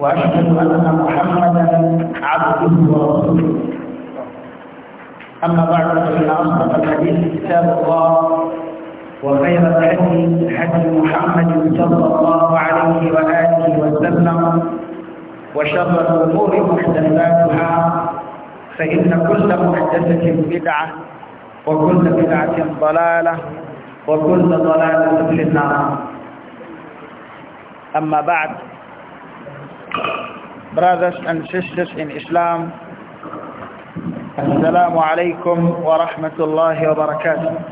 وأشهد أن محمدا عبده ورسوله أما بعد فإن أصدق الحديث كتاب الله وخير الحديث حديث محمد صلى الله عليه وآله وسلم وشر الأمور محدثاتها فإن كل محدثة بدعة وكل بدعة ضلالة وكل ضلالة في النار أما بعد brothers and sisters in Islam Assalamu alaikum wa rahmatullahi wa barakatuh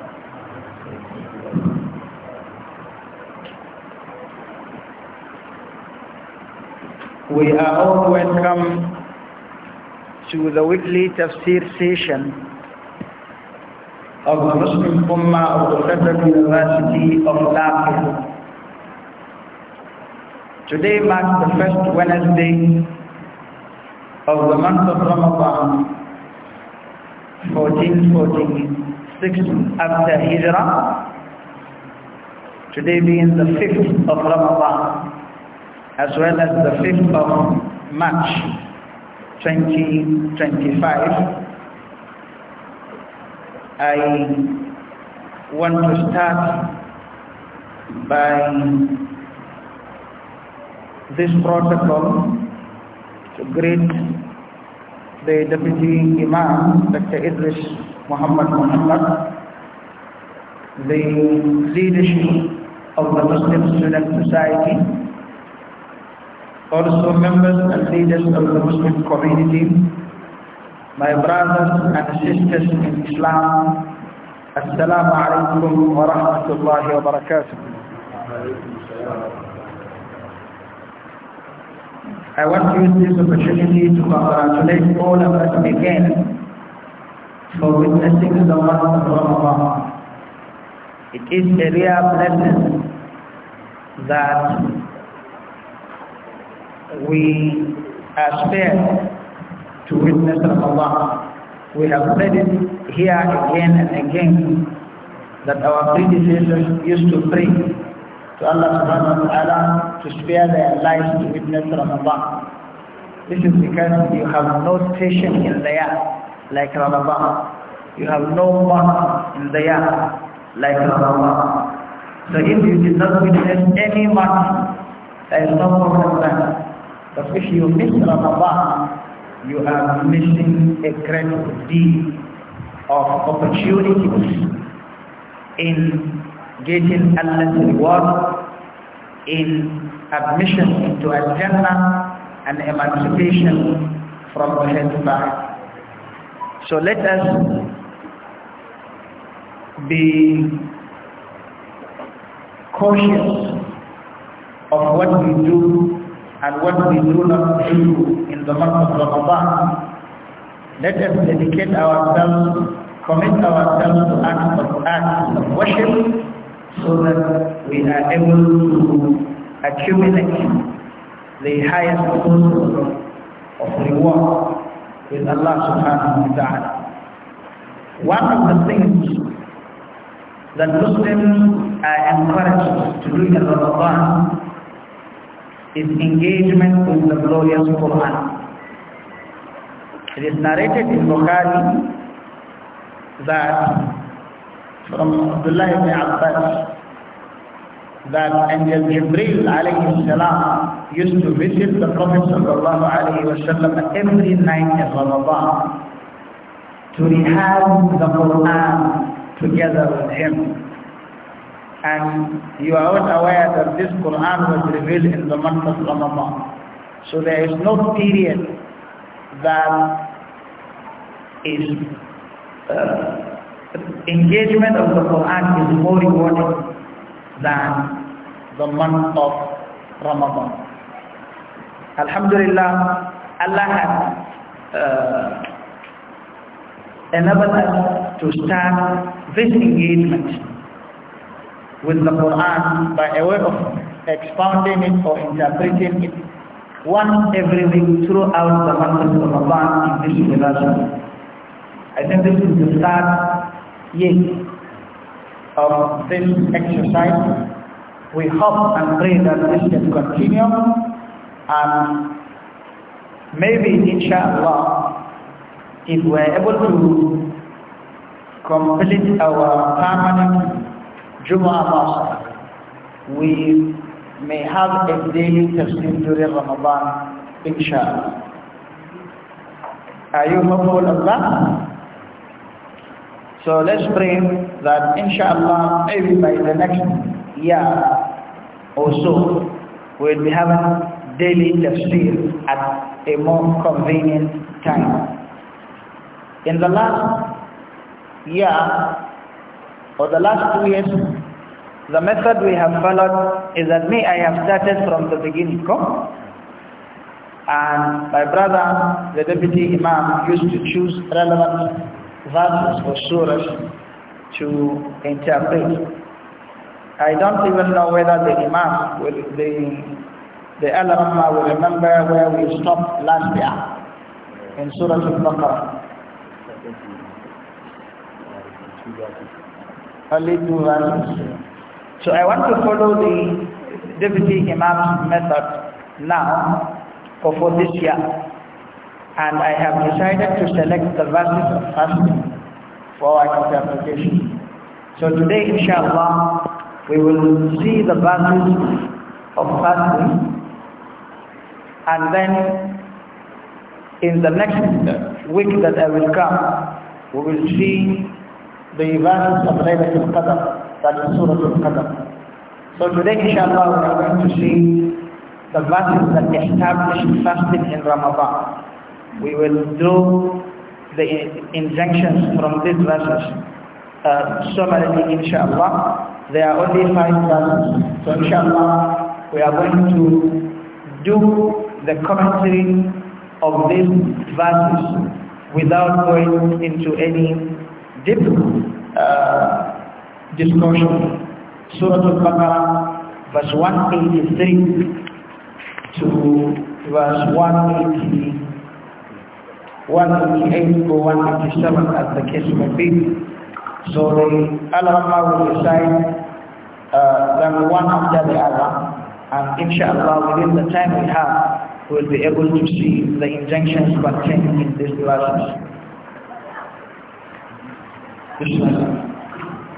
We are all welcome to the weekly tafsir session of the Muslim Ummah of the Federal University of Lafayette. Today marks the first Wednesday of the month of Ramadan, 1446 after Hijrah. Today being the 5th of Ramadan, as well as the 5th of March 2025. I want to start by this protocol to greet the Deputy Imam, Dr. Idris Muhammad Muhammad, the leadership of the Muslim Student Society, also members and leaders of the Muslim community, my brothers and sisters in Islam, Assalamu alaikum wa rahmatullahi wa barakatuh. I want to use this opportunity to congratulate all of us again for witnessing the month of Ramadan. It is a real blessing that we are spared to witness Ramadan. We have said it here again and again that our predecessors used to pray to Allah subhanahu wa ta'ala to spare their lives to witness Ramadan. This is because you have no station in the year like Ramadan. You have no month in the year like Ramadan. So if you did not witness any month, there is no problem there. But if you miss Ramadan, you are missing a great deal of opportunities in getting Allah's reward in admission into Al-Jannah and emancipation from hellfire. So let us be cautious of what we do and what we do not do in the month of Ramadan. Let us dedicate ourselves, commit ourselves to acts of acts of worship so that we are able to accumulate the highest possible of reward with Allah subhanahu wa ta'ala. One of the things that Muslims are encouraged to do in Ramadan is engagement with the glorious Quran. It is narrated in Bukhari that from Abdullah ibn Abbas that Angel Jibril alayhi salam used to visit the Prophet sallallahu alayhi wasallam every night in Ramadan to rehab the Quran together with him. And you are all aware that this Quran was revealed in the month of Ramadan. So there is no period that is uh, engagement of the Quran is more rewarding than the month of Ramadan. Alhamdulillah, Allah has uh, enabled us to start this engagement with the Quran by a way of expounding it or interpreting it once every week throughout the month of Ramadan in this relation. I think this is the start yea, of um, this exercise. We hope and pray that this can continue and maybe inshallah if we're able to complete our permanent Jumu'ah Mosque, we may have a daily tafsir during Ramadan inshallah. Are you hopeful of that? So let's pray that inshallah maybe by the next year or so we'll be having daily tafsir at a more convenient time. In the last year or the last two years, the method we have followed is that me I have started from the beginning. Come? And my brother, the deputy imam, used to choose relevant verses for surahs to interpret. I don't even know whether the Imam, will, the, the al will remember where we stopped last year in Surah Al-Baqarah. Only two verses. So I want to follow the Deputy Imam's method now for, for this year and I have decided to select the verses of fasting for our interpretation. So today, inshallah, we will see the verses of fasting and then in the next week that I will come, we will see the verses of Laylatul Qadr, that is Surah Al-Qadr. So today, inshallah, we are going to see the verses that establish fasting in Ramadan we will do the injunctions from these verses uh, summarily inshallah there are only five verses so inshallah we are going to do the commentary of these verses without going into any deep uh, discussion Surah Al-Baqarah verse 183 to verse 183. 188 or 187 as the case may be. So the Alama will decide uh, them one after the other and inshallah within the time we have we'll be able to see the injunctions contained in these verses.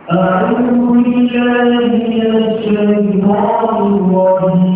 أعوذ بالله من الشيطان الرجيم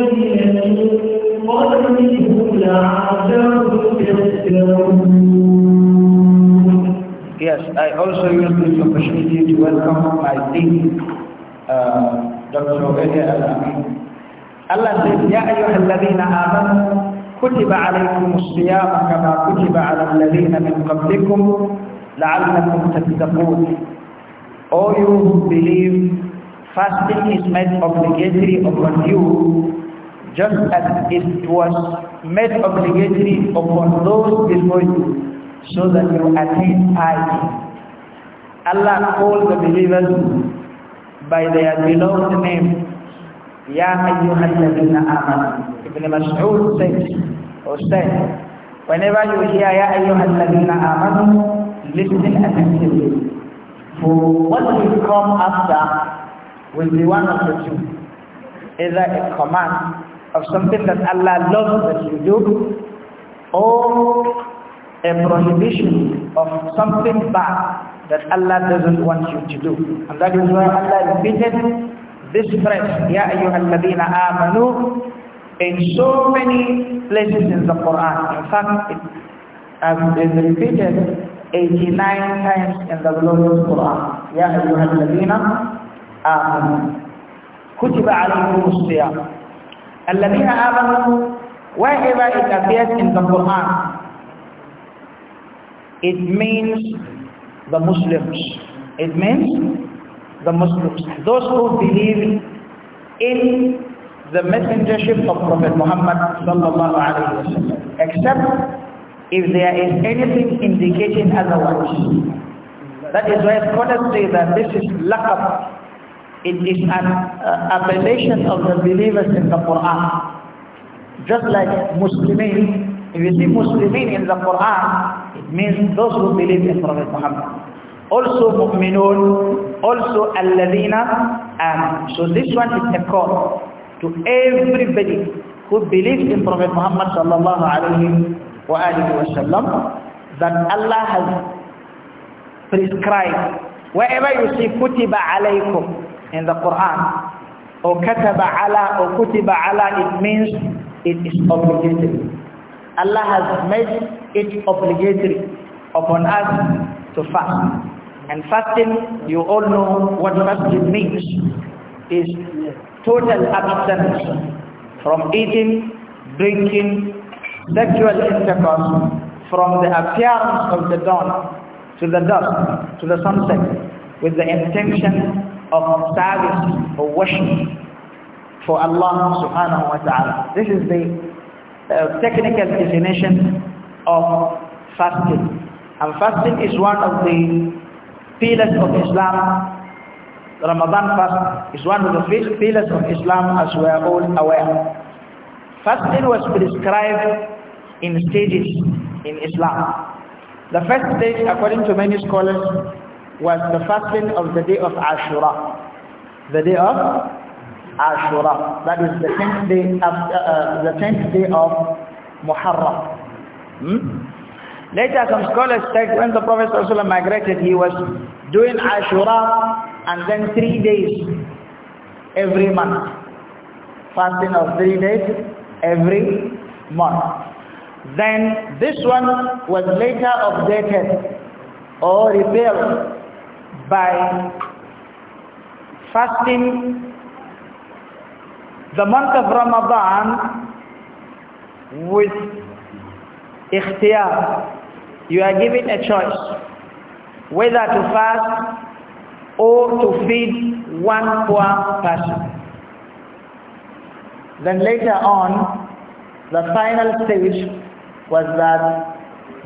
I also use this opportunity to welcome my dean, uh, Dr. Obedia al Allah says, Ya أَيُّهَا الَّذِينَ آمَنُوا kutiba alaykum الصِّيَامَ كَمَا kama kutiba ala مِنْ min qablikum la'allakum tattaqun. All you who believe, fasting is made obligatory upon you just as it was made obligatory upon those before you, so that you attain piety. Allah calls the believers by their beloved name. Ya ayyuhalladhina amanu. Ibn Mas'ud says, or said, whenever you hear Ya ayyuhalladhina amanu, listen attentively. For what will come after will be one of the two. Either a command of something that Allah loves that you do, or a prohibition of something bad that Allah doesn't want you to do. And that is why Allah repeated this phrase, Ya ayyuhalladhina amanu, in so many places in the Quran. In fact, it has been repeated 89 times in the glorious Quran. Ya ayyuhalladhina amanu. Kutiba alaykum as-siyam. Alladhina amanu, wherever it appears in the Quran, it means the Muslims. It means the Muslims. Those who believe in the messengership of Prophet Muhammad Except if there is anything indicating otherwise. That is why scholars say that this is laqab. It is an uh, appellation of the believers in the Quran. Just like Muslimin, if you see Muslimin in the Quran, it means those who believe in Prophet Muhammad. Also mu'minun, also alladhina and um, So this one is a call to everybody who believes in Prophet Muhammad sallallahu alayhi wa wasallam that Allah has prescribed. Wherever you see kutiba alaykum in the Quran or kataba ala or kutiba ala, it means it is obligatory. Allah has made it obligatory upon us to fast. And fasting, you all know what fasting means, is total abstinence from eating, drinking, sexual intercourse, from the appearance of the dawn to the dusk, to the sunset, with the intention of service or worship for Allah subhanahu wa ta'ala. This is the uh, technical definition of fasting. And fasting is one of the pillars of Islam. Ramadan fast is one of the pillars of Islam as we are all aware. Fasting was prescribed in stages in Islam. The first stage, according to many scholars, was the fasting of the day of Ashura. The day of Ashura. That is the 10th day, of, uh, uh the 10th day of Muharram. Hmm? Later some scholars said when the Prophet ﷺ migrated, he was doing Ashura and then three days every month. Fasting of three days every month. Then this one was later updated or repaired by fasting the month of Ramadan with ikhtiyar. You are given a choice whether to fast or to feed one poor person. Then later on, the final stage was that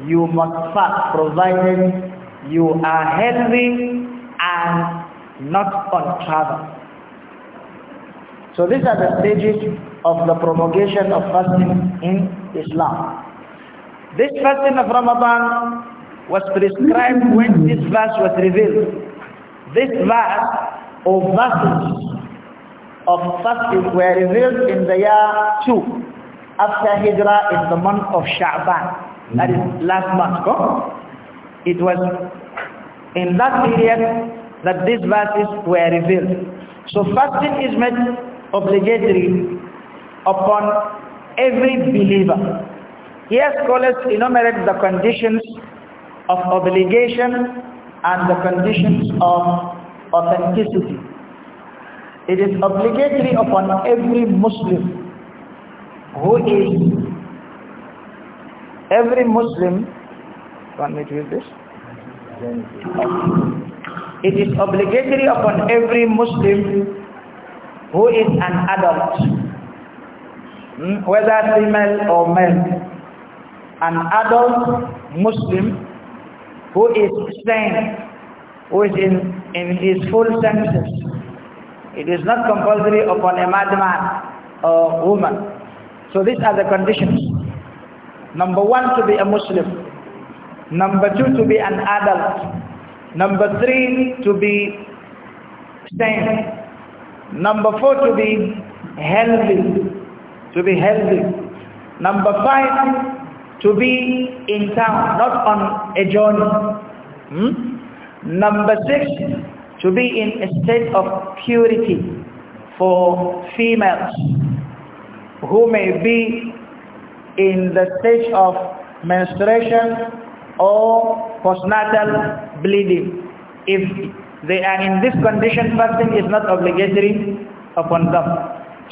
you must fast provided you are healthy and not on travel. So these are the stages of the promulgation of fasting in Islam. This fasting of Ramadan was prescribed when this verse was revealed. This verse or verses of fasting were revealed in the year 2 after Hijrah in the month of Sha'ban. That is last month. Go? It was in that period that these verses were revealed. So fasting is meant obligatory upon every believer. Here scholars enumerate the conditions of obligation and the conditions of authenticity. It is obligatory upon every Muslim who is every Muslim Can we with this it is obligatory upon every Muslim who is an adult, hmm? whether female or male, an adult Muslim who is sane, who is in, in his full senses. It is not compulsory upon a madman or woman. So these are the conditions. Number one, to be a Muslim. Number two, to be an adult. Number three, to be sane. Number four, to be healthy. To be healthy. Number five, to be in town, not on a journey. Hmm? Number six, to be in a state of purity for females who may be in the stage of menstruation or postnatal bleeding if they are in this condition, fasting is not obligatory upon them.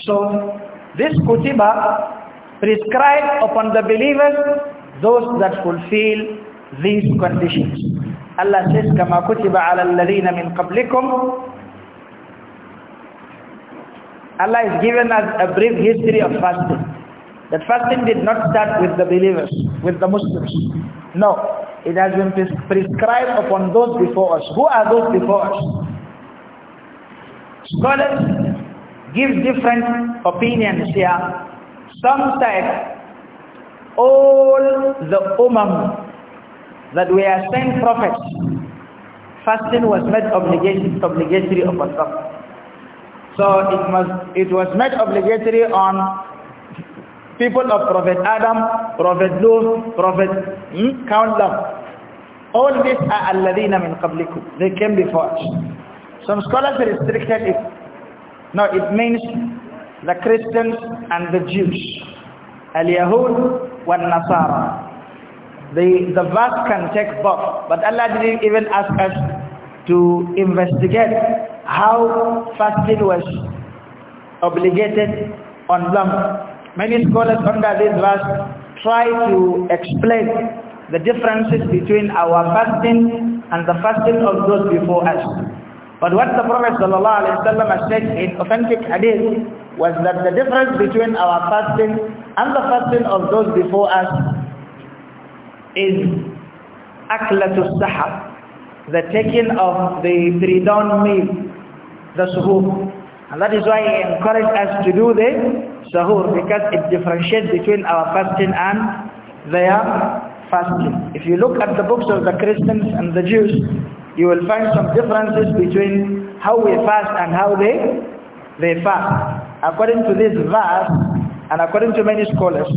So this kutiba prescribed upon the believers those that fulfill these conditions. Allah says, كَمَا كُتِبَ عَلَى الَّذِينَ مِنْ قَبْلِكُمْ Allah has given us a brief history of fasting. That fasting did not start with the believers, with the Muslims. No. It has been prescribed upon those before us. Who are those before us? Scholars give different opinions here. Some say all the umam that we are sent prophets, fasting was made obligatory upon them. So it, it was made obligatory on people of Prophet Adam, Prophet Lut, Prophet hmm, count them. All these are alladhina min qablikum. They came before us. Some scholars restricted it. No, it means the Christians and the Jews. Al-Yahud wa nasara The, the verse can take both. But Allah didn't even ask us to investigate how fasting was obligated on them Many scholars under this verse try to explain the differences between our fasting and the fasting of those before us. But what the Prophet ﷺ has said in authentic hadith was that the difference between our fasting and the fasting of those before us is aklatus sahab, the taking of the pre-dawn meal, the suhoor. And that is why he encouraged us to do this sahur because it differentiates between our fasting and their fasting. If you look at the books of the Christians and the Jews, you will find some differences between how we fast and how they they fast. According to this verse and according to many scholars,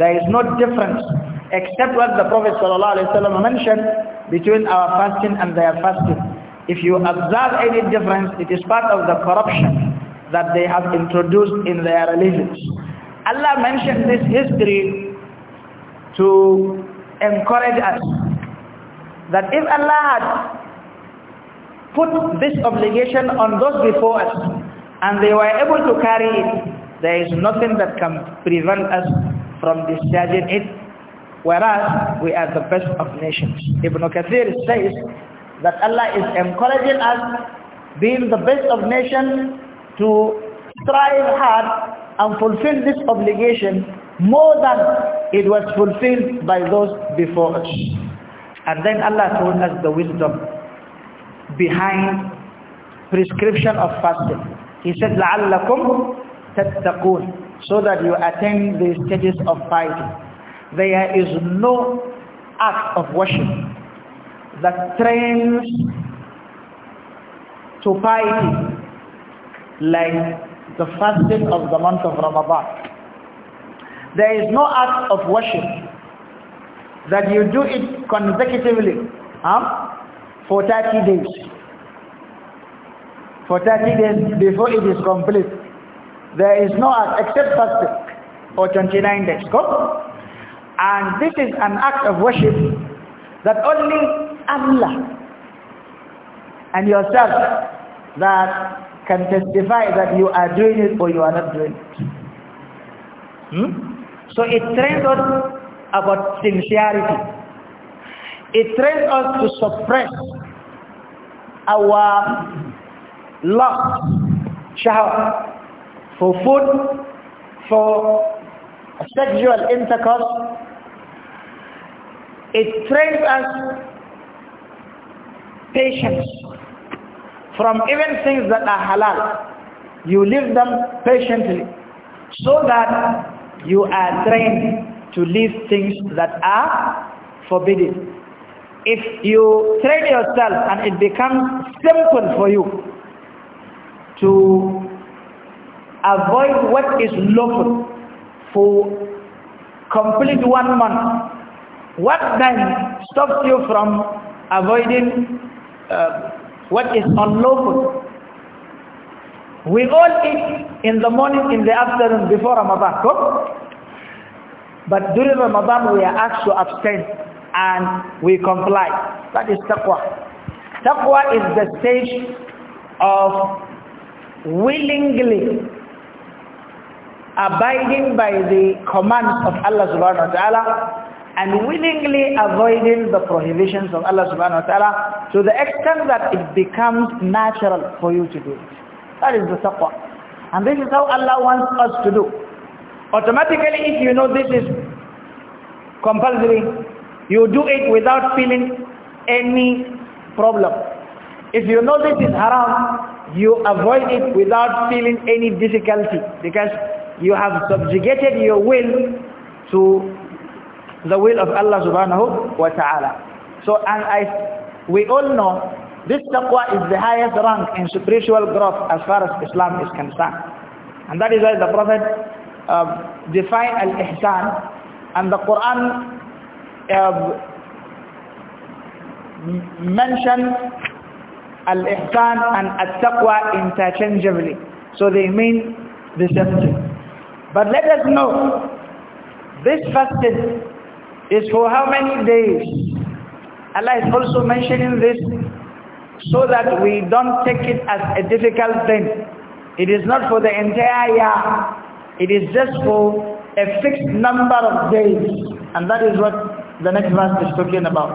there is no difference except what the Prophet ﷺ mentioned between our fasting and their fasting. If you observe any difference, it is part of the corruption that they have introduced in their religions. Allah mentioned this history to encourage us that if Allah had put this obligation on those before us and they were able to carry it, there is nothing that can prevent us from discharging it, whereas we are the best of nations. Ibn Kathir says that Allah is encouraging us being the best of nations to strive hard and fulfill this obligation more than it was fulfilled by those before us. And then Allah told us the wisdom behind prescription of fasting. He said, لَعَلَّكُمْ تَتَّقُونَ So that you attain the stages of piety. There is no act of worship that trains to piety like the fasting of the month of Ramadan. There is no act of worship that you do it consecutively huh, for 30 days. For 30 days before it is complete. There is no act except fasting for 29 days. Go. And this is an act of worship that only Allah and yourself that can testify that you are doing it or you are not doing it. Hmm? So it trains us about sincerity. It trains us to suppress our lust, shahwa, for food, for sexual intercourse. It trains us patience from even things that are halal. You live them patiently so that you are trained to leave things that are forbidden. If you train yourself and it becomes simple for you to avoid what is lawful for complete one month, what then stops you from avoiding uh, what is unlawful. We all eat in the morning, in the afternoon before Ramadan. But during Ramadan we are asked to abstain and we comply. That is taqwa. Taqwa is the stage of willingly abiding by the commands of Allah subhanahu wa ta'ala and willingly avoiding the prohibitions of Allah subhanahu wa ta'ala to the extent that it becomes natural for you to do it. That is the taqwa. And this is how Allah wants us to do. Automatically if you know this is compulsory, you do it without feeling any problem. If you know this is haram, you avoid it without feeling any difficulty because you have subjugated your will to the will of Allah subhanahu wa ta'ala. So, and I, we all know this taqwa is the highest rank in spiritual growth as far as Islam is concerned. And that is why the Prophet uh, defined al-ihsan and the Quran uh, mentioned al-ihsan and al-taqwa interchangeably. So they mean the same thing. But let us know this fasting is for how many days? Allah is also mentioning this so that we don't take it as a difficult thing. It is not for the entire year. It is just for a fixed number of days. And that is what the next verse is talking about.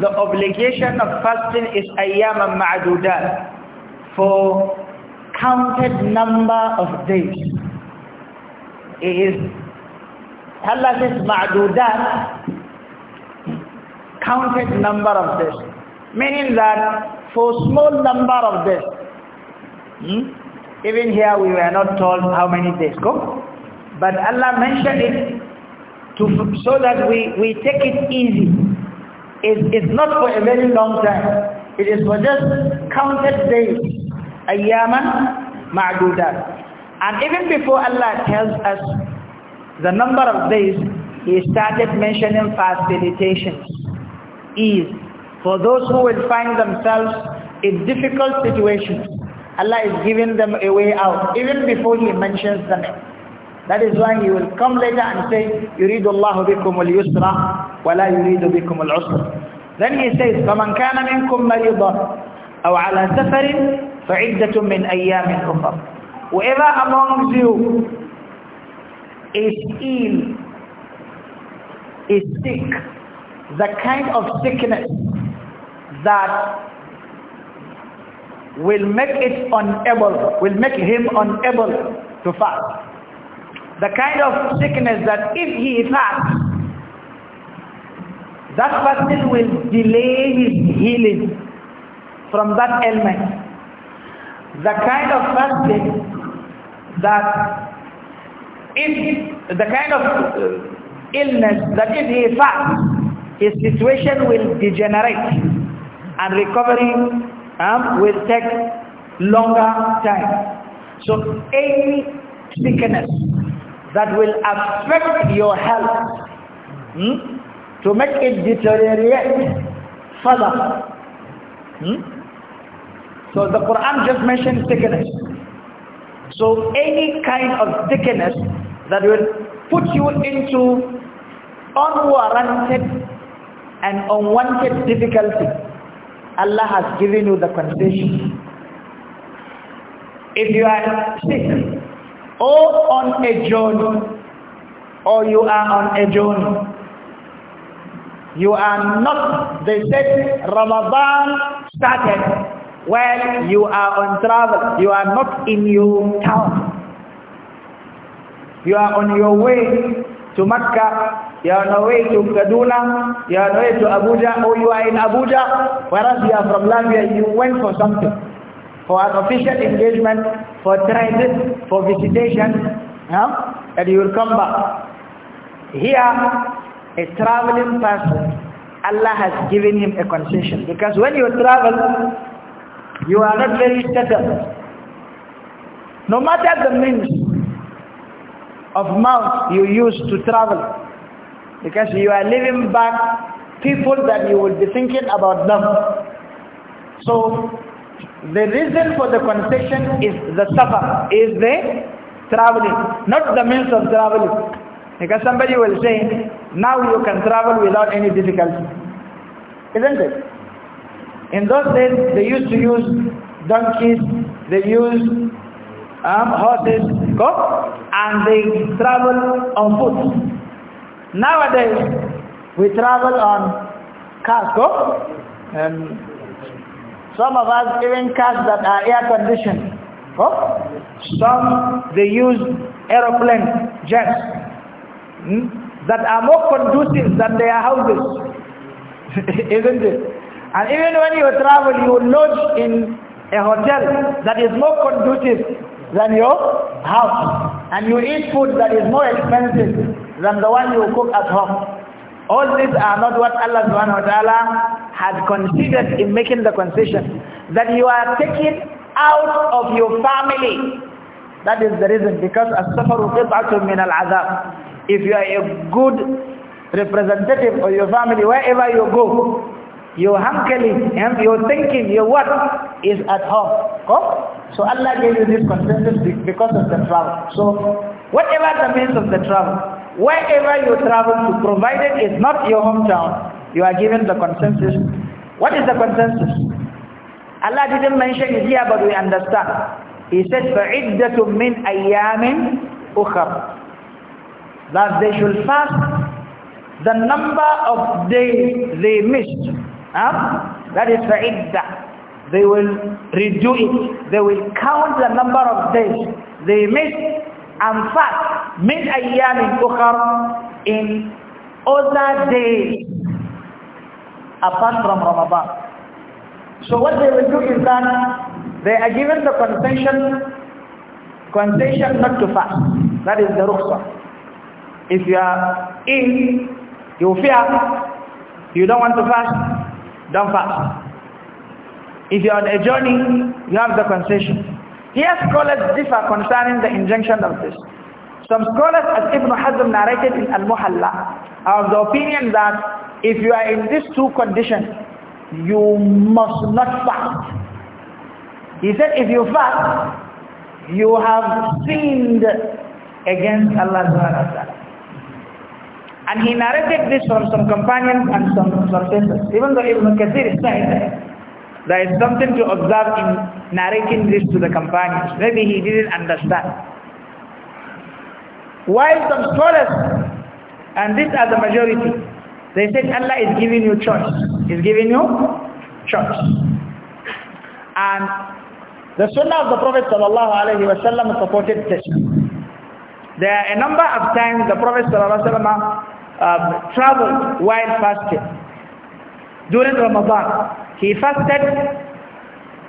the obligation of fasting is ayyaman ma'adudat for counted number of days. It is Allah says ma'adudat counted number of days. Meaning that for small number of days, hmm, even here we were not told how many days go, but Allah mentioned it to, so that we, we take it easy it is not for a very long time. It is for just counted days. Ayyaman ma'dudat. And even before Allah tells us the number of days, He started mentioning facilitations, ease, for those who will find themselves in difficult situations. Allah is giving them a way out, even before He mentions the name. That is why he will come later and say, يُرِيدُ اللَّهُ بِكُمُ الْيُسْرَ وَلَا يُرِيدُ بِكُمُ الْعُسْرَ Then he says, فَمَنْ كَانَ مِنْكُمْ مَرِيضًا أَوْ عَلَى سَفَرٍ فَعِدَّةٌ مِنْ أَيَّامٍ أُخَرٍ Whoever amongst you is ill, is sick, the kind of sickness that will make it unable, will make him unable to fast the kind of sickness that if he has, that person will delay his healing from that ailment. The kind of person that if the kind of uh, illness that if he has, his situation will degenerate and recovery um, will take longer time. So any sickness that will affect your health hmm? to make it deteriorate further. Hmm? So the Quran just mentioned sickness. So any kind of sickness that will put you into unwarranted and unwanted difficulty, Allah has given you the condition. If you are sick, or on a journey or you are on a journey you are not they said Ramadan started when you are on travel you are not in your town you are on your way to Mecca you are on your way to Kaduna you are on your way to Abuja or you are in Abuja whereas you are from Lambia you went for something for an official engagement, for transit, for visitation, huh? and you will come back. Here, a traveling person, Allah has given him a concession. Because when you travel, you are not very settled. No matter the means of mount you use to travel, because you are leaving back people that you will be thinking about them. So the reason for the concession is the safar, is the traveling, not the means of traveling. Because somebody will say, now you can travel without any difficulty. Isn't it? In those days, they used to use donkeys, they used um, horses, go, and they travel on foot. Nowadays, we travel on cars, go, and. Um, some of us even cars that are air conditioned. Oh? Some, they use aeroplane jets hmm? that are more conducive than their houses. Isn't it? And even when you travel, you lodge in a hotel that is more conducive than your house. And you eat food that is more expensive than the one you cook at home. All these are not what Allah subhanahu wa ta'ala had considered in making the concession. That you are taken out of your family. That is the reason because as-safaru qit'atun min al azab If you are a good representative of your family wherever you go, your hankali, and your thinking, your work is at home. oh? So Allah gave you this consensus because of the travel. So whatever the means of the travel, wherever you travel to, provided it's not your hometown, you are given the consensus. What is the consensus? Allah didn't mention it here, but we understand. He said, فَعِدَّةٌ مِّنْ أَيَّامٍ أُخَرٍ That they should fast the number of days they missed Huh? That is for Eid. They will redo it. They will count the number of days they miss and fast min in ukhar in other days apart from Ramadan. So what they will do is that they are given the concession concession not to fast. That is the rukhsah. If you are ill, you fear, you don't want to fast, don't fast. If you're on a journey, you have the concession. Here scholars differ concerning the injunction of this. Some scholars, as Ibn Hazm narrated in Al-Muhalla, are of the opinion that if you are in these two conditions, you must not fast. He said if you fast, you have sinned against Allah and he narrated this from some companions and some sources. Even though Ibn Kathir said there is something to observe in narrating this to the companions. Maybe he didn't understand. While some scholars, and this are the majority, they said Allah is giving you choice. He's giving you choice. And the sunnah of the Prophet sallallahu alaihi wasallam supported this. There are a number of times the Prophet sallallahu alaihi wasallam um, traveled while fasting during Ramadan. He fasted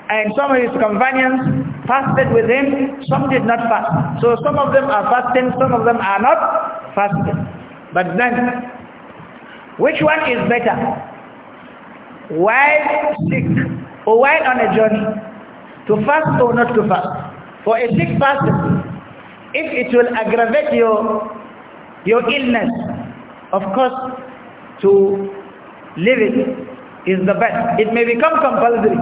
and some of his companions fasted with him, some did not fast. So some of them are fasting, some of them are not fasting. But then, which one is better? While sick or while on a journey, to fast or not to fast? For a sick person, if it will aggravate your, your illness, of course to leave it is the best. It may become compulsory.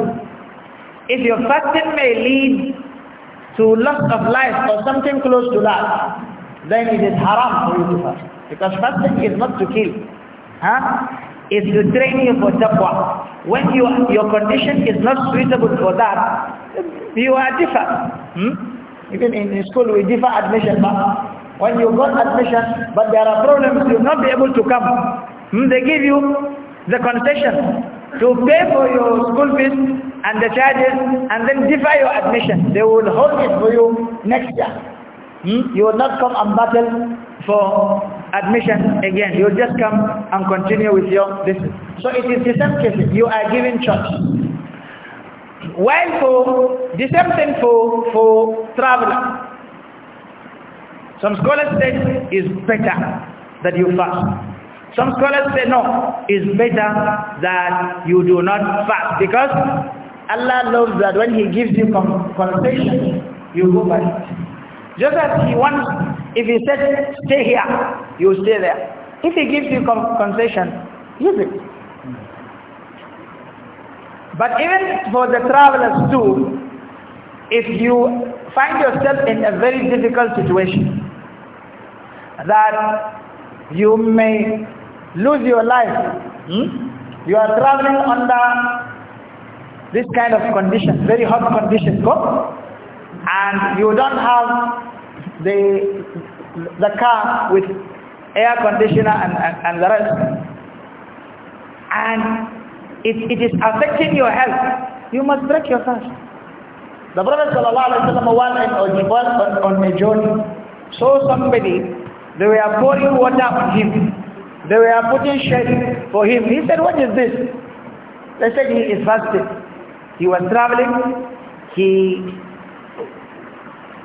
If your fasting may lead to loss of life or something close to that, then it is haram for you to fast. Because fasting is not to kill. Huh? It's to train you for taqwa. When you, your condition is not suitable for that, you are different. Hmm? Even in school we differ admission, but when you got admission but there are problems you'll not be able to come hmm, they give you the concession to pay for your school fees and the charges and then defer your admission they will hold it for you next year hmm? you will not come and battle for admission again you will just come and continue with your business. so it is the same case you are given choice while for the same thing for for traveler some scholars say it's better that you fast. Some scholars say no, it's better that you do not fast because Allah loves that when He gives you concession, you go by it. Just as He wants, if He says stay here, you stay there. If He gives you concession, use it. But even for the travelers too, if you find yourself in a very difficult situation, that you may lose your life. Hmm? You are traveling under this kind of condition, very hot condition, go, and you don't have the the car with air conditioner and, and, and the rest, and it, it is affecting your health, you must break your fast. The Prophet ﷺ one on, a journey So somebody they were pouring water on him. They were putting shade for him. He said, what is this? They said, he is fasting. He was traveling. He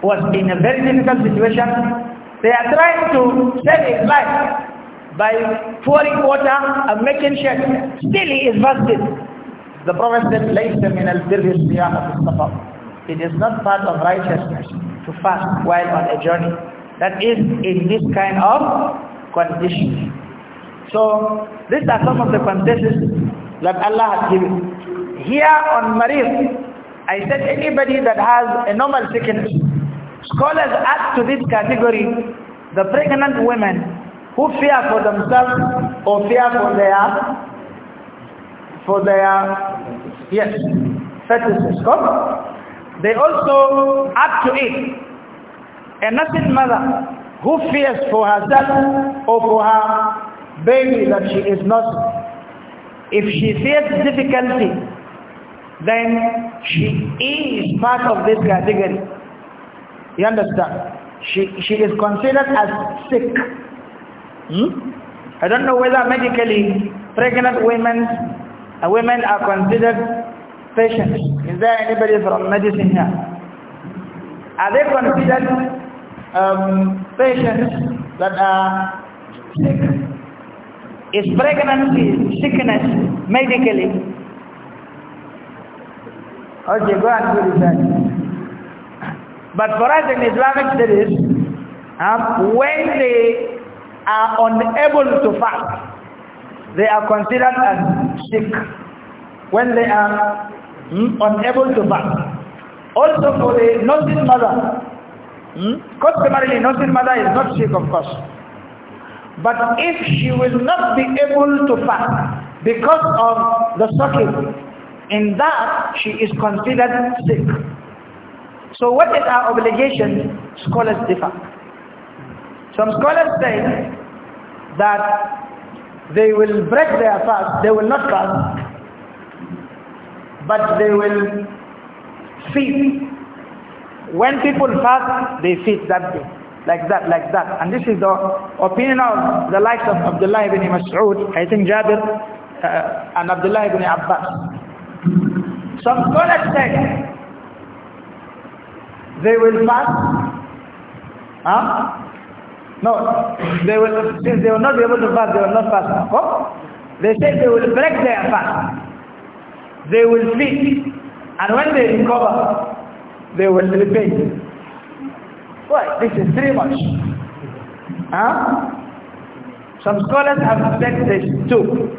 was in a very difficult situation. They are trying to save his life by pouring water and making shade. Still he is fasting. The Prophet said, لَيْسَ مِنَ الْبِرِّ الصِّيَامَ It is not part of righteousness to fast while on a journey. That is in this kind of condition. So these are some of the conditions that Allah has given. Here on Marif, I said anybody that has a normal sickness, scholars add to this category the pregnant women who fear for themselves or fear for their for their yes fetuses. Come. They also add to it a nursing mother who fears for herself or for her baby that she is not, If she faces difficulty, then she is part of this category. You understand? She, she is considered as sick. Hmm? I don't know whether medically pregnant women, uh, women are considered patients. Is there anybody from medicine here? Are they considered um, patients that are uh, sick. Is pregnancy sickness medically? Okay, go and do research. But for us in Islamic studies, um, when they are unable to fast, they are considered as sick. When they are hmm, unable to fast. Also for the nursing mother, Hmm? Customarily, nursing mother is not sick, of course. But if she will not be able to fast because of the sucking, in that she is considered sick. So what is our obligation? Scholars differ. Some scholars say that they will break their fast, they will not fast, but they will feed when people fast, they feed that day. Like that, like that. And this is the opinion of the likes of Abdullah ibn Mas'ud, I think Jabir, uh, and Abdullah ibn Abbas. Some scholars say they will fast. Huh? No, they will, since they will not be able to fast, they will not fast. Oh? They say they will break their fast. They will sleep. And when they recover, they will repay you. Why? This is three months. Huh? Some scholars have said this too.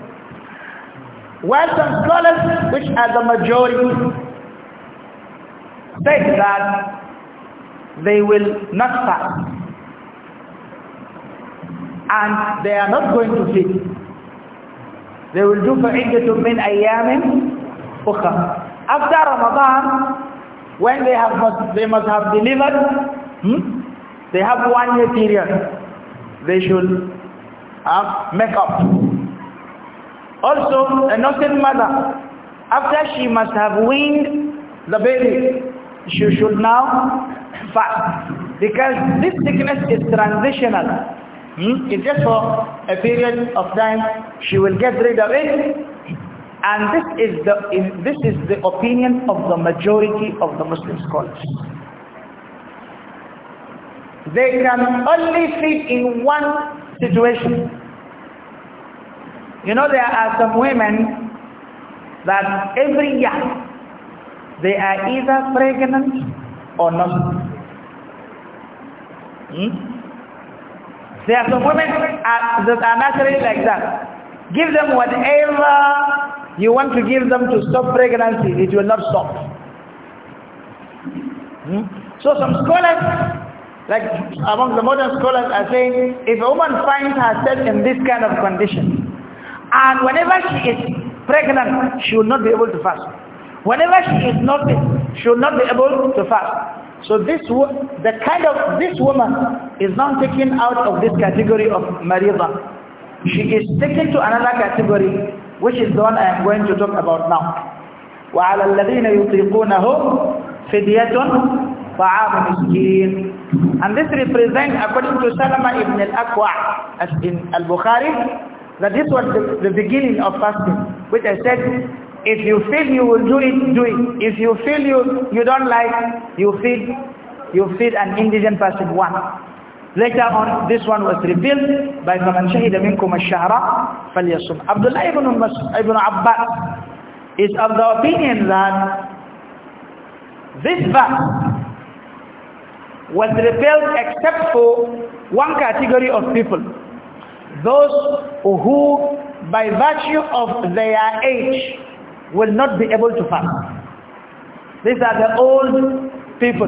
While some scholars, which are the majority, said that they will not fast. And they are not going to feed. They will do for فَعِدَّةٌ مِّنْ أَيَّامٍ أُخَرٍ After Ramadan, when they have must, they must have delivered, hmm? they have one year period. They should uh, make up. Also, a nursing mother, after she must have weaned the baby, she should now fast. Because this sickness is transitional. Hmm? It's just for a period of time. She will get rid of it and this is the this is the opinion of the majority of the Muslim scholars. They can only fit in one situation. You know there are some women that every year they are either pregnant or not. Hmm? There are some women that are naturally like that. Give them whatever you want to give them to stop pregnancy, it will not stop. Hmm? So some scholars, like among the modern scholars are saying, if a woman finds herself in this kind of condition, and whenever she is pregnant, she will not be able to fast. Whenever she is not, she will not be able to fast. So this, the kind of this woman is now taken out of this category of maridah. She is taken to another category which is the one I am going to talk about now. وعلى الذين يطيقونه فدية طعام مسكين and this represents according to Salama ibn al-Aqwa as in al-Bukhari that this was the, the, beginning of fasting which I said if you feel you will do it do it if you feel you you don't like you feed you feed an indigent person one Later on, this one was revealed by فَمَنْ شَهِدَ مِنْكُمَ الشَّهْرَ فَلْيَصُمْ Abdullah ibn, ibn Abbas is of the opinion that this verse was revealed except for one category of people. Those who by virtue of their age will not be able to fast. These are the old people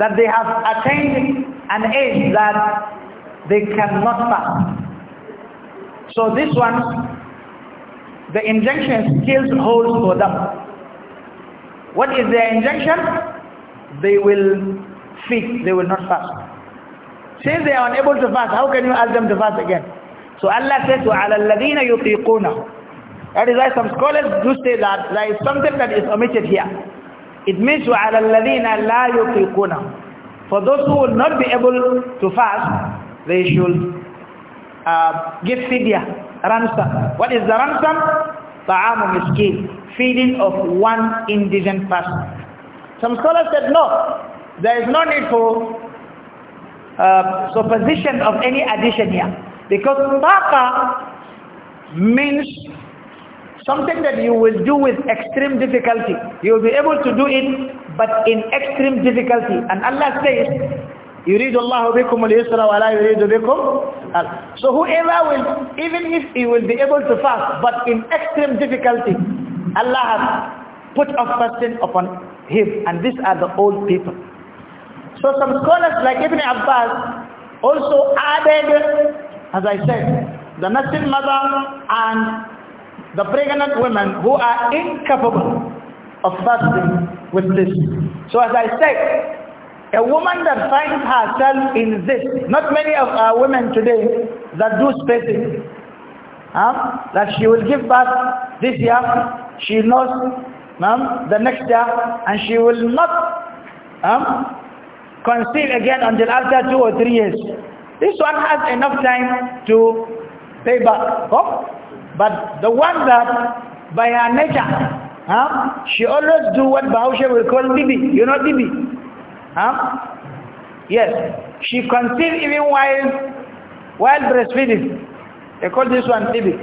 that they have attained an age that they cannot fast. So this one, the injunction still holds for them. What is their injunction? They will feed, they will not fast. Since they are unable to fast, how can you ask them to fast again? So Allah says, to al-ladina يُطِيقُونَهُ That is why some scholars do say that there is something that is omitted here. It means al-ladina la يُطِيقُونَهُ for those who will not be able to fast, they should uh, give fidya, ransom. What is the ransom? Ta'amu miskin, feeding of one indigent person. Some scholars said no, there is no need for uh, supposition of any addition here. Because taqa means something that you will do with extreme difficulty. You will be able to do it, but in extreme difficulty. And Allah says, يريد الله بكم اليسر ولا يريد بكم So whoever will, even if he will be able to fast, but in extreme difficulty, Allah has put a fasting upon him. And these are the old people. So some scholars like Ibn Abbas also added, as I said, the nursing mother and the pregnant women who are incapable of fasting with this. So as I said, a woman that finds herself in this, not many of our women today that do spacing, huh? that she will give birth this year, she knows um, the next year, and she will not conceive again until after two or three years. This one has enough time to pay back. But the one that by her nature, huh, she always do what Bahusha will call bibi. You know bibi? Huh? Yes. She conceives even while while breastfeeding. They call this one bibi.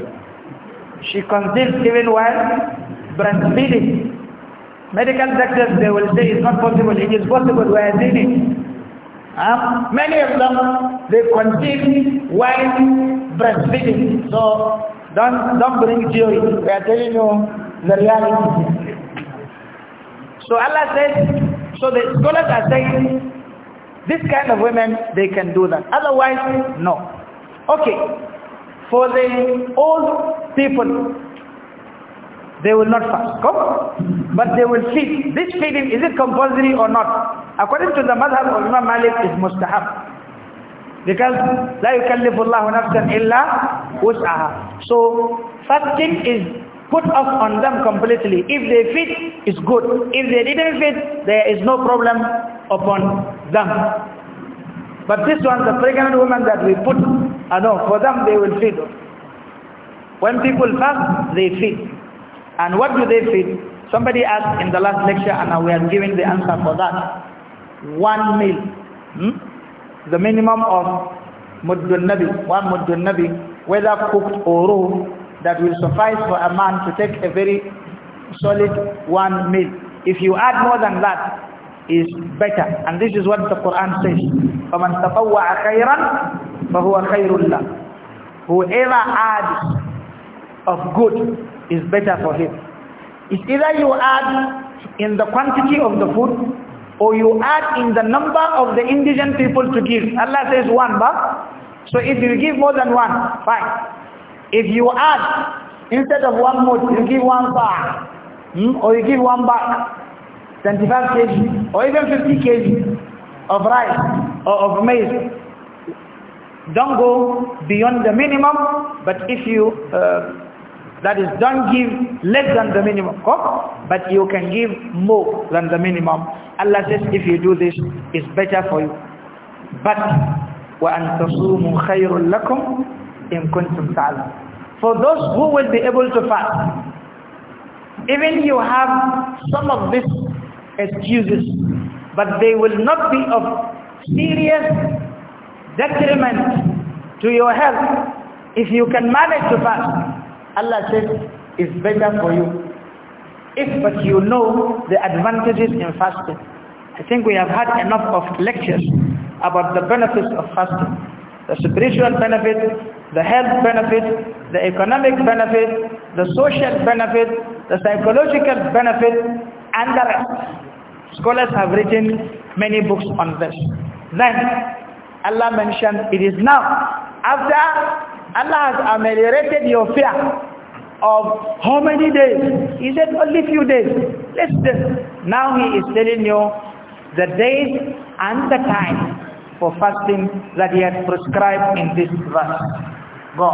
She conceives even while breastfeeding. Medical doctors, they will say it's not possible. It is possible. We are seeing it. many of them, they conceive while breastfeeding. So don't, don't bring theory. We are telling you the reality. So Allah says, so the scholars are saying, this kind of women, they can do that. Otherwise, no. Okay. For the old people, they will not fast. Come? But they will feed. This feeding, is it compulsory or not? According to the madhab of Imam Malik, is mustahab. Because لا يكلف الله نفسا إلا وسعها. So fasting is put off on them completely. If they fit, it's good. If they didn't fit, there is no problem upon them. But this one, the pregnant woman that we put, I know for them they will feed. When people fast, they feed. And what do they feed? Somebody asked in the last lecture and we are giving the answer for that. One meal. Hmm? the minimum of muddun nabi, one muddun nabi, whether cooked or raw, that will suffice for a man to take a very solid one meal. If you add more than that, is better. And this is what the Quran says. فَمَنْ تَطَوَّعَ خَيْرًا فَهُوَ خَيْرٌ لَهُ Whoever adds of good is better for him. It's either you add in the quantity of the food or oh, you add in the number of the indigent people to give. Allah says one, but so if you give more than one, fine. If you add instead of one more, you give one bar, hmm? or you give one bar, 25 kg, or even 50 kg of rice or of maize. Don't go beyond the minimum, but if you uh, that is, don't give less than the minimum cost, oh, but you can give more than the minimum. Allah says, if you do this, it's better for you. But, وَأَن تَصُومُوا خَيْرٌ لَكُمْ إِن كُنْتُمْ تَعْلَمُ For those who will be able to fast, even you have some of these excuses, but they will not be of serious detriment to your health if you can manage to fast. Allah says it's better for you if but you know the advantages in fasting. I think we have had enough of lectures about the benefits of fasting. The spiritual benefit, the health benefit, the economic benefit, the social benefit, the psychological benefit, and the rest. Scholars have written many books on this. Then Allah mentioned it is now after Allah has ameliorated your fear of how many days? He said only few days. Listen, now he is telling you the days and the time for fasting that he has prescribed in this verse. Go.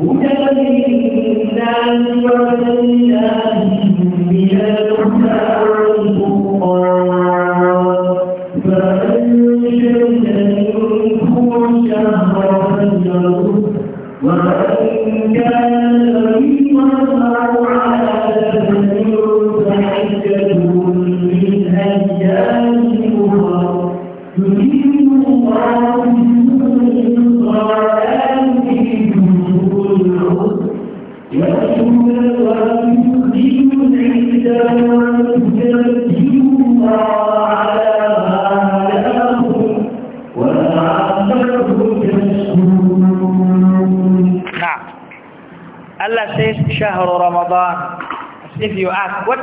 هدى للناس وبينات من الهدى والفرقان فمن شهد منكم شهر فليرد ومن كان مريضا او على سفر فعده من ايام اخرى يريد الله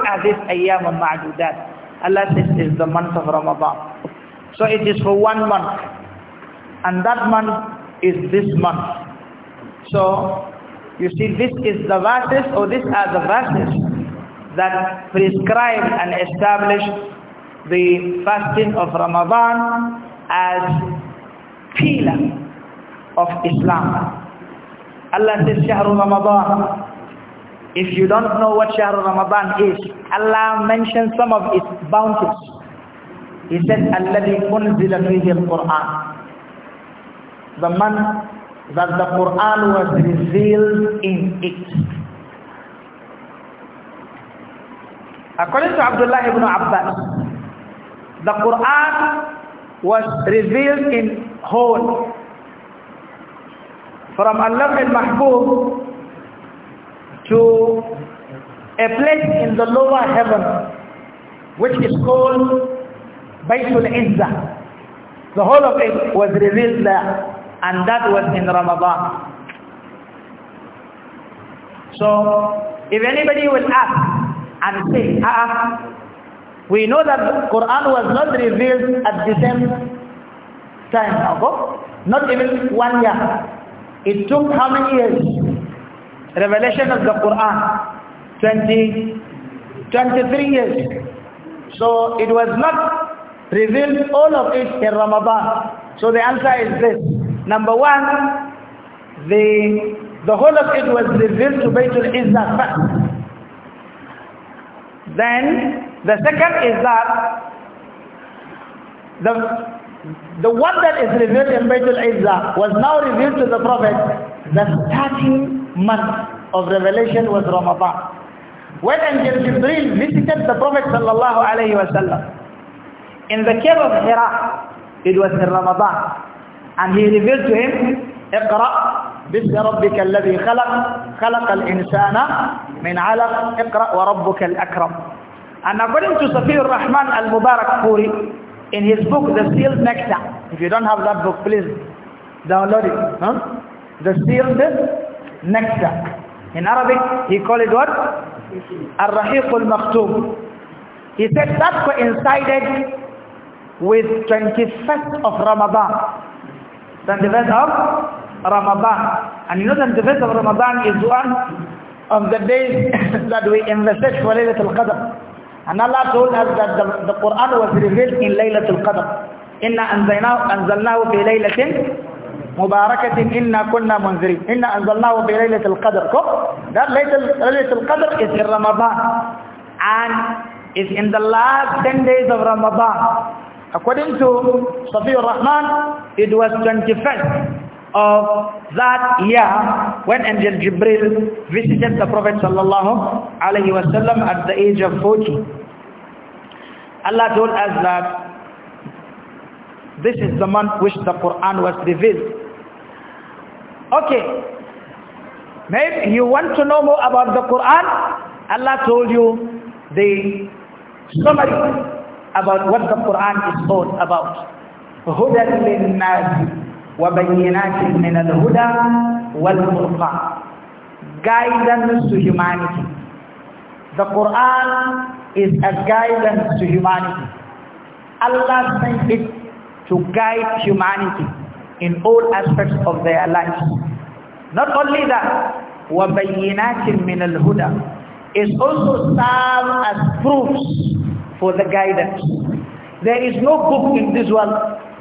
at this ayyam ma'dudat. Allah says is the month of Ramadan. So it is for one month. And that month is this month. So you see this is the verses or these are the verses that prescribe and establish the fasting of Ramadan as pillar of Islam. Allah says شهر رمضان if you don't know what Shahr Ramadan is, Allah mentioned some of its bounties. He said, "Allah أُنزِلَ فِيهِ Quran, The month that the Quran was revealed in it. According to Abdullah ibn Abbas, the Quran was revealed in whole. From Allah al-Mahbub, to a place in the lower heaven which is called Baytul Izzah. The whole of it was revealed there and that was in Ramadan. So if anybody will ask and say, ah, ah we know that the Quran was not revealed at the same time ago, not even one year. It took how many years? revelation of the Quran 20 23 years so it was not revealed all of it in Ramadan so the answer is this number one the the whole of it was revealed to Baytul Izzah first then the second is that the the one that is revealed in Baytul Izzah was now revealed to the Prophet the starting month of revelation was Ramadan. When Angel Jibril visited the Prophet sallallahu alayhi wasallam in the cave of Hira, it was in Ramadan, and he revealed to him, "Iqra." بسم ربك الذي خلق خلق الإنسان من علق اقرأ وربك الأكرم and according to Safir Rahman Al-Mubarak Puri in his book The Sealed Nectar if you don't have that book please download it huh? The Sealed nectar. In Arabic, he called it what? Ar-Rahiq al He said that coincided with 21st of Ramadan. Then the verse of Ramadan. And you know that the verse of Ramadan is one of the days that we invested for Laylatul Qadr. And Allah told us that the, the Quran was revealed in Laylatul Qadr. إِنَّا أَنزَلْنَاهُ فِي Laylatin. مباركة إنا كنا منذرين إنا أنزلناه في ليلة القدر that ليلة القدر is in Ramadan and is in the last 10 days of Ramadan according to صفي Rahman it was 21st of that year when angel Jibril visited the Prophet صلى الله عليه وسلم at the age of 40 Allah told us that this is the month which the Quran was revealed Okay. Maybe you want to know more about the Quran? Allah told you the summary about what the Quran is all about. هدى للناس وبينات من الهدى والفرقان guidance to humanity the quran is a guidance to humanity allah sent it to guide humanity in all aspects of their lives. Not only that, وَبَيِّنَاتٍ مِّنَ الْهُدَى is also serve as proofs for the guidance. There is no book in this world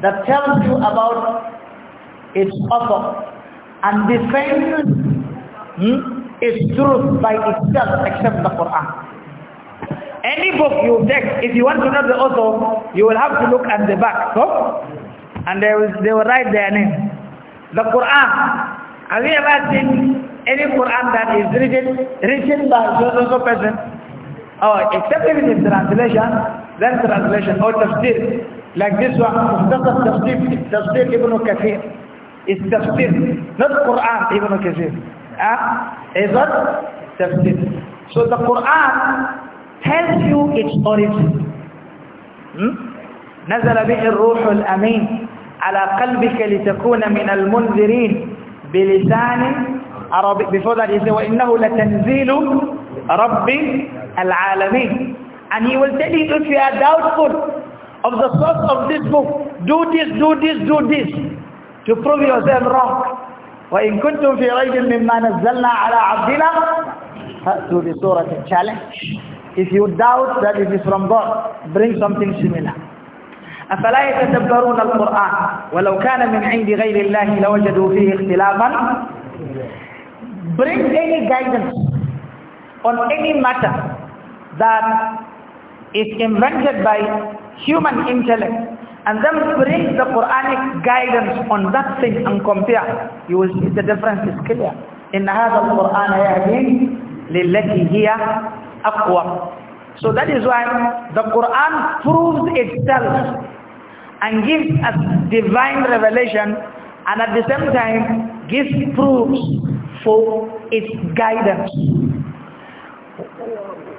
that tells you about its author and defends hmm, its truth by itself except the Quran. Any book you take, if you want to know the author, you will have to look at the back. So, and they will, they will write their name. The Quran. Have you ever seen any Quran that is written, written by so so so person? Oh, except if it is translation, then translation or tafsir. Like this one, Muhtasar Tafsir, Tafsir Ibn Kathir. It's tafsir, not Quran Ibn Kathir. Ah, uh, is what? Tafsir. So the Quran tells you its origin. Hmm? نزل به الروح الأمين على قلبك لتكون من المنذرين بلسان عربي before that he said وإنه لتنزيل رب العالمين and he will tell you if you are doubtful of the source of this book do this do this do this to prove yourself wrong وإن كنتم في ريب مما نزلنا على عبدنا فأتوا بسورة challenge if you doubt that it is from God bring something similar أفلا يتدبرون القرآن ولو كان من عند غير الله لوجدوا فيه اختلافا bring any guidance on any matter that is invented by human intellect and then bring the Quranic guidance on that thing and compare you will see the difference is clear إن هذا القرآن يهدي للتي هي أقوى so that is why the Quran proves itself and gives a divine revelation and at the same time gives proofs for its guidance.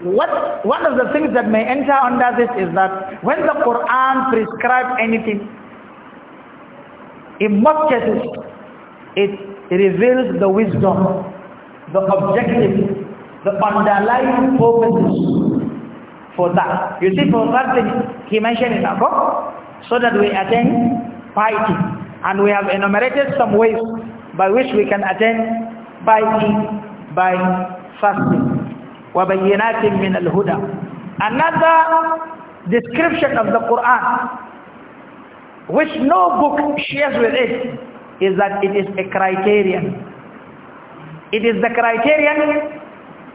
What, one of the things that may enter under this is that when the Quran prescribes anything, in most cases, it reveals the wisdom, the objective, the underlying purposes for that. You see, for that thing, he mentioned in Abu so that we attain piety. And we have enumerated some ways by which we can attain piety by fasting. وَبَيِّنَاتٍ مِّنَ الْهُدَى Another description of the Quran which no book shares with it is that it is a criterion. It is the criterion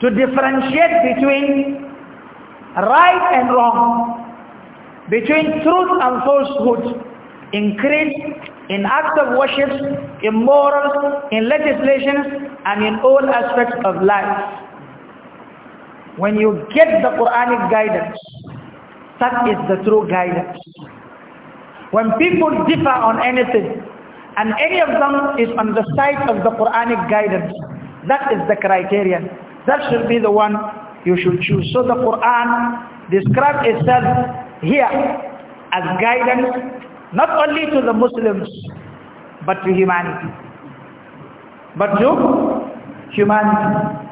to differentiate between right and wrong between truth and falsehood in creed, in acts of worship, in morals, in legislation, and in all aspects of life. When you get the Quranic guidance, that is the true guidance. When people differ on anything, and any of them is on the side of the Quranic guidance, that is the criterion. That should be the one you should choose. So the Quran describes itself here as guidance not only to the Muslims but to humanity. But to humanity.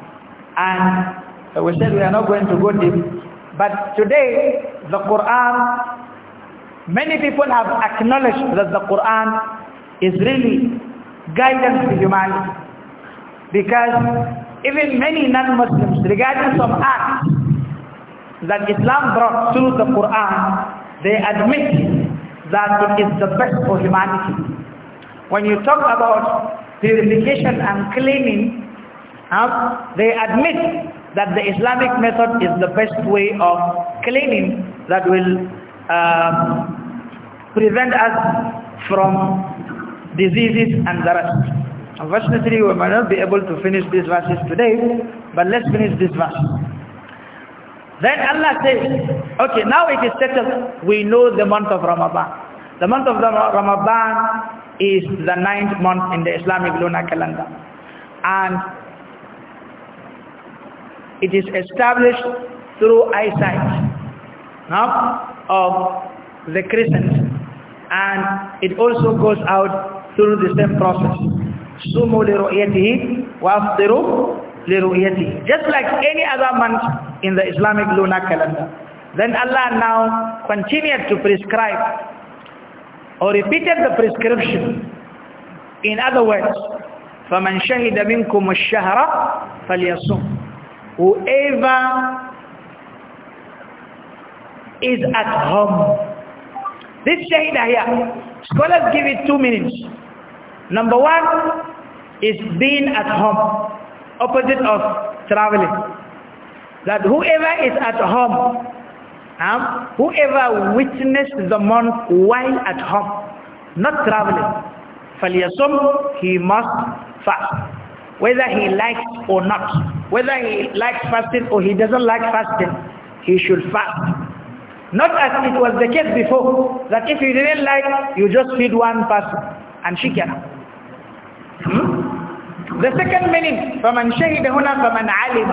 And we said we are not going to go deep. But today the Quran, many people have acknowledged that the Quran is really guidance to humanity. Because even many non-Muslims regarding some acts that Islam brought through the Quran, they admit that it is the best for humanity. When you talk about purification and cleaning, huh, they admit that the Islamic method is the best way of cleaning that will um, prevent us from diseases and the rest. Unfortunately, we might not be able to finish these verses today, but let's finish this verse. Then Allah says, okay, now it is settled. We know the month of Ramadan. The month of Ramadan is the ninth month in the Islamic lunar calendar. And it is established through eyesight now, of the crescent. And it also goes out through the same process. سُمُوا لِرُؤْيَتِهِ وَأَفْطِرُوا لرؤيته just like any other month in the Islamic lunar calendar then Allah now continued to prescribe or repeated the prescription in other words فَمَنْ شَهِدَ مِنْكُمُ الشَّهْرَ فَلْيَصُمْ whoever is at home this shahidah here scholars give it two meanings number one is being at home opposite of traveling. That whoever is at home, um, whoever witnessed the month while at home, not traveling, فَلْيَصُمْ He must fast. Whether he likes or not. Whether he likes fasting or he doesn't like fasting, he should fast. Not as it was the case before, that if you didn't like, you just feed one person and she can. Hmm? The second meaning, فَمَنْ شَهِدَ هُنَا فَمَنْ عَلِمَ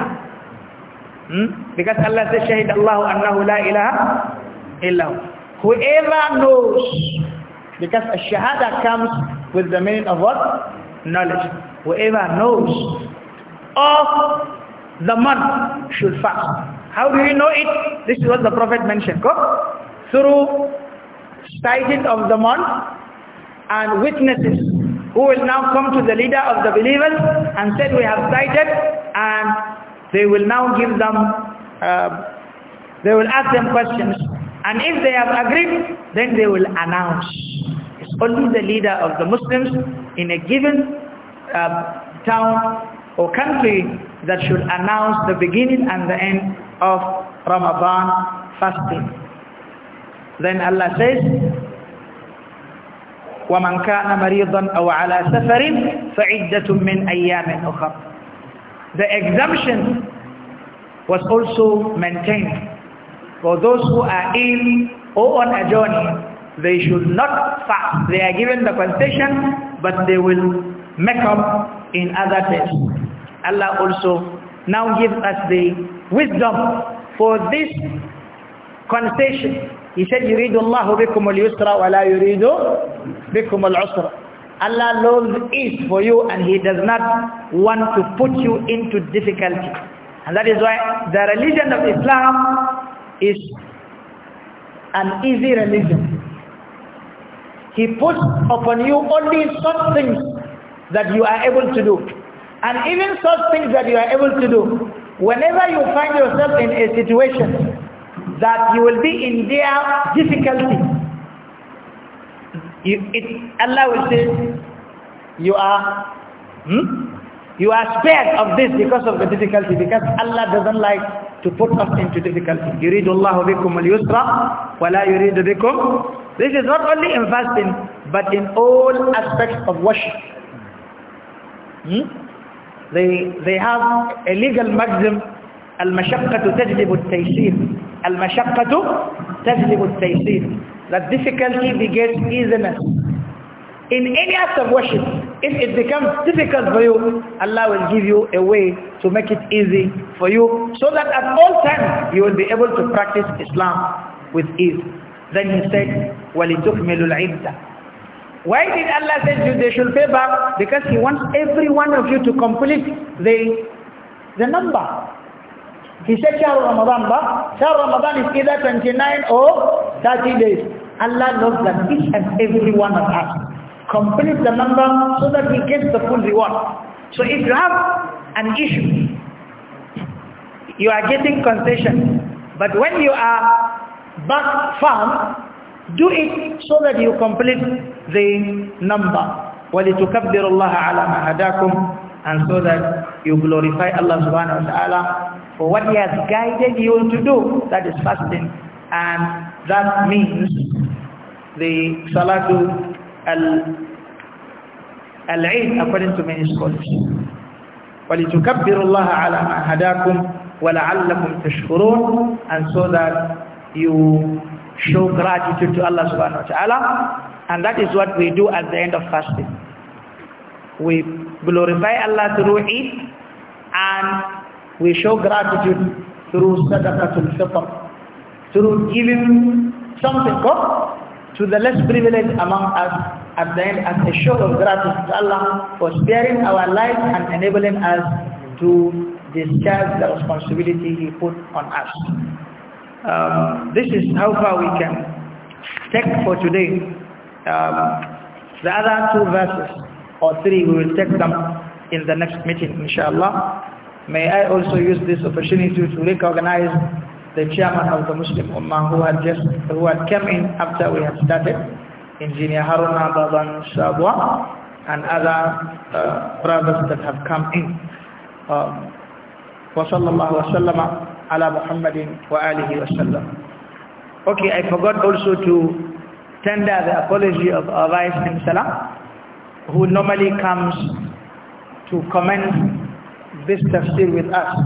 Hmm? Because Allah says, Shaykh Allahu annahu la ilaha Whoever knows, because a shahada comes with the meaning of what? Knowledge. Whoever knows of the month should fast. How do you know it? This is what the Prophet mentioned. Go. Through sighting of the month and witnesses who will now come to the leader of the believers and said we have sighted and they will now give them uh, they will ask them questions and if they have agreed then they will announce it's only the leader of the Muslims in a given uh, town or country that should announce the beginning and the end of Ramadan fasting then Allah says ومن كان مريضا أو على سفر من أيام أخر The exemption was also maintained for those who are ill or on a journey they should not fast they are given the concession but they will make up in other days Allah also now gives us the wisdom for this concession he said, يُرِيدُ اللَّهُ بِكُمُ الْيُسْرَ وَلَا يُرِيدُ بِكُمُ الْعُسْرَ Allah loves ease for you and He does not want to put you into difficulty. And that is why the religion of Islam is an easy religion. He puts upon you only such things that you are able to do. And even such things that you are able to do, whenever you find yourself in a situation that you will be in their difficulty. You, it, Allah will say, you are, hmm? you are spared of this because of the difficulty, because Allah doesn't like to put us into difficulty. يُرِيدُ اللَّهُ بِكُمُ الْيُسْرَ وَلَا يُرِيدُ بِكُمْ This is not only in fasting, but in all aspects of worship. Hmm? They, they have a legal maxim, al-mashaqqatu tajlibu Al-mashaqqatu tajlibu al That difficulty begets easiness. In any act of worship, if it becomes difficult for you, Allah will give you a way to make it easy for you so that at all times you will be able to practice Islam with ease. Then he said, وَلِتُكْمِلُ الْعِدَّةِ Why did Allah say you they should pay back? Because he wants every one of you to complete the, the number. He said Shah Ramadan, but Ramadan is either 29 or 30 days. Allah loves that each and every one of us. Complete the number so that we get the full reward. So if you have an issue, you are getting concession. But when you are back from, do it so that you complete the number. وَلِتُكَبِّرُ اللَّهَ عَلَى مَا هَدَاكُمْ and so that you glorify Allah subhanahu wa ta'ala for what He has guided you to do, that is fasting. And that means the Salatu al-Eid al according to many scholars. وَلِتُكَبِّرُ اللَّهَ عَلَى مَا هَدَاكُمْ وَلَعَلَّكُمْ تَشْكُرُونَ And so that you show gratitude to Allah subhanahu wa ta'ala. And that is what we do at the end of fasting we glorify Allah through it and we show gratitude through sadaqatul fitr through giving something up to the less privileged among us at the end as a show of gratitude to Allah for sparing our lives and enabling us to discharge the responsibility he put on us. Um, this is how far we can take for today. Um, the other two verses or three, we will take them in the next meeting, inshallah. May I also use this opportunity to recognize the chairman of the Muslim Ummah who had just who had come in after we had started, Engineer Haruna Baban Shabwa and other uh, brothers that have come in. Um, وصلى الله وسلم على محمد Okay, I forgot also to tender the apology of our vice in Salah who normally comes to commence this tafsir with us.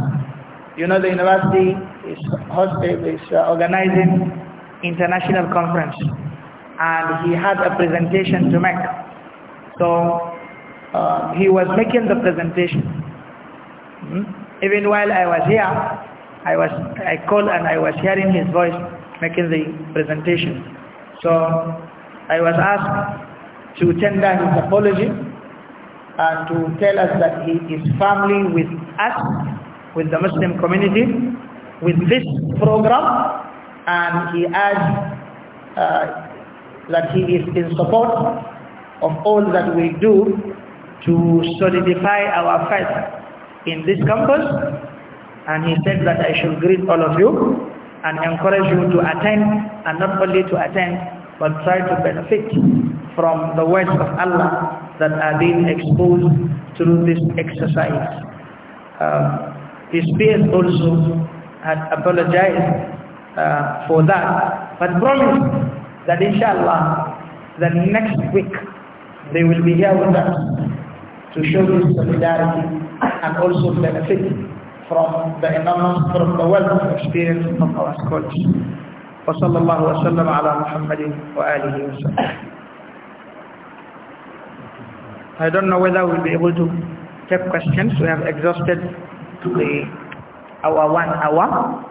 You know the university is, is uh, organizing international conference and he had a presentation to make. So uh, he was making the presentation. Hmm? Even while I was here, I was I called and I was hearing his voice making the presentation. So I was asked to tender his apology and to tell us that he is firmly with us, with the Muslim community, with this program and he adds uh, that he is in support of all that we do to solidify our faith in this campus and he said that I should greet all of you and encourage you to attend and not only to attend but try to benefit from the words of Allah that are being exposed through this exercise. Um, his peers also had apologized uh, for that, but promised that inshallah, the next week they will be here with us to show this solidarity and also benefit from the enormous, from the wealth of experience of our scholars. وصلى الله وسلم على محمد وآله وسلم I don't know whether we'll be able to take questions. We have exhausted the our one hour.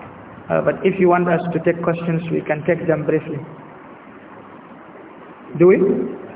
Uh, but if you want us to take questions, we can take them briefly. Do we?